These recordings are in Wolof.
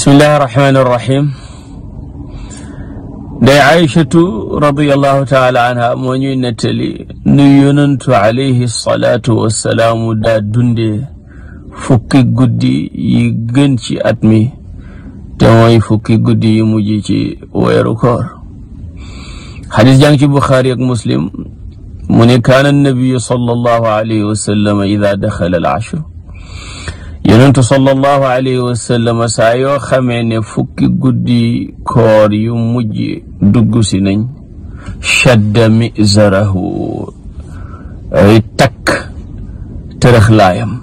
bismillahi irrahmani irrahim day aïchatu radiallahu taala anha moo ñuy nettali nu yonantu alayhi salaatu wassalaamu daa dundee fukki guddi yi gën ci at mi te mooy fukki guddi yi mujj ci weeru koor xadis jàng ci buxaari ak muslim mu ne kaana annabiyu sallallahu alayhi wa sallam ida daxala al ashr yonentu sallallahu alayhi wa sallam saa yoo xamee ne fukki guddi koor yu mujj dugg si nañ shadda mizarahu ay takk tërëxlaayam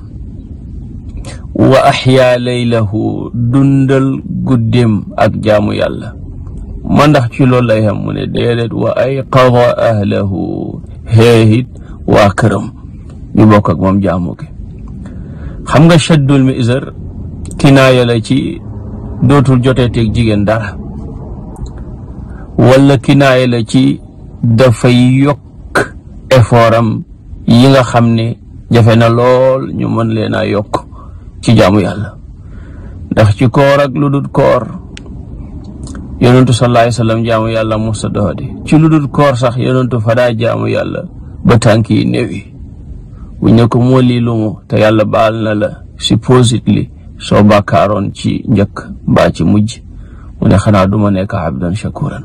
wa axyaa laylahu dundal guddim ak jaamu yàlla ma ndax ci loolu lay xam mu ne wa ay qada ahlahu xeexit waa këram ñu bokk ak moom jaamu xam nga shaddul mizar kinaaya la ci dootul jotee teeg jigéen dara wala kinaaya la ci dafay yokk effort am yi nga xam ne jafe na lool ñu mën leen a yokk ci jaamu yàlla ndax ci koor lu dul koor yonentu sallallahu alayhi wasallam jaamu yàlla musta doxadi ci lu dul koor sax yonentu fa daa jaamu yàlla ba tànk yi bu ñu ne ko moo lii lumu te yàlla baal na la supposedly soo bàkkaaroon ci njëkk mbaa ci mujj mu ne xanaa duma nekk abdan shakuran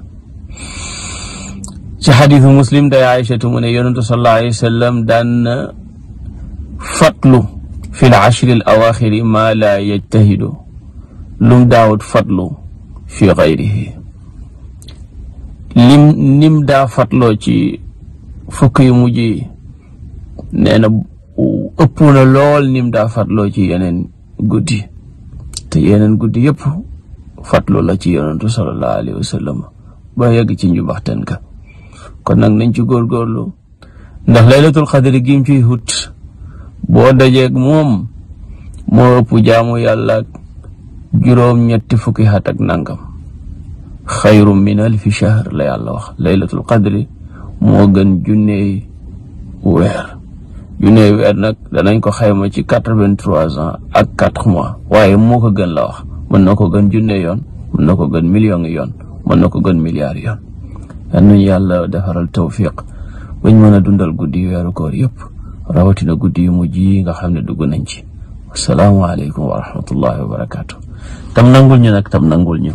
ci xadiisu muslim day aïchatu mu ne yonentu sallallahu alayhi wa sallam daan fatlu fi l ashri al awaaxiri lum daawut fatlu fi gayrihi lim nim daa fatloo ci fukk yu nee na ëpp na lool nim daa fatloo ci yeneen guddi te yeneen guddi yëpp fatlu la ci yonentu sallallahu alayhi wa sallam ba yegg ci njubaxten ka kon nag nañ ci góorgóorlu ndax laylatul xadri gim ciy hut boo dajeeg moom moo ëpp jaamu yàlla juróom ñetti fukki at ak nangam xayru min alfi shahr la yàlla wax laylatul qadri moo gën junneey weer yu néew weer nag danañ ko xayma ci quatre-vingt-trois ans ak quatre mois waaye moo ko gën la wax mën na ko gën junne yoon mën na ko gën million yoon mën na ko gën milliard yoon yal nañu yàlla defaral tawfiq bañ mën a dundal guddi weeru koor yëpp rawatina guddi yu mujj yi nga xam ne dugg nañ ci asalaamaaleykum wa rahmatullahi wa barakaatu tam nangul ñu nag tam nangul ñu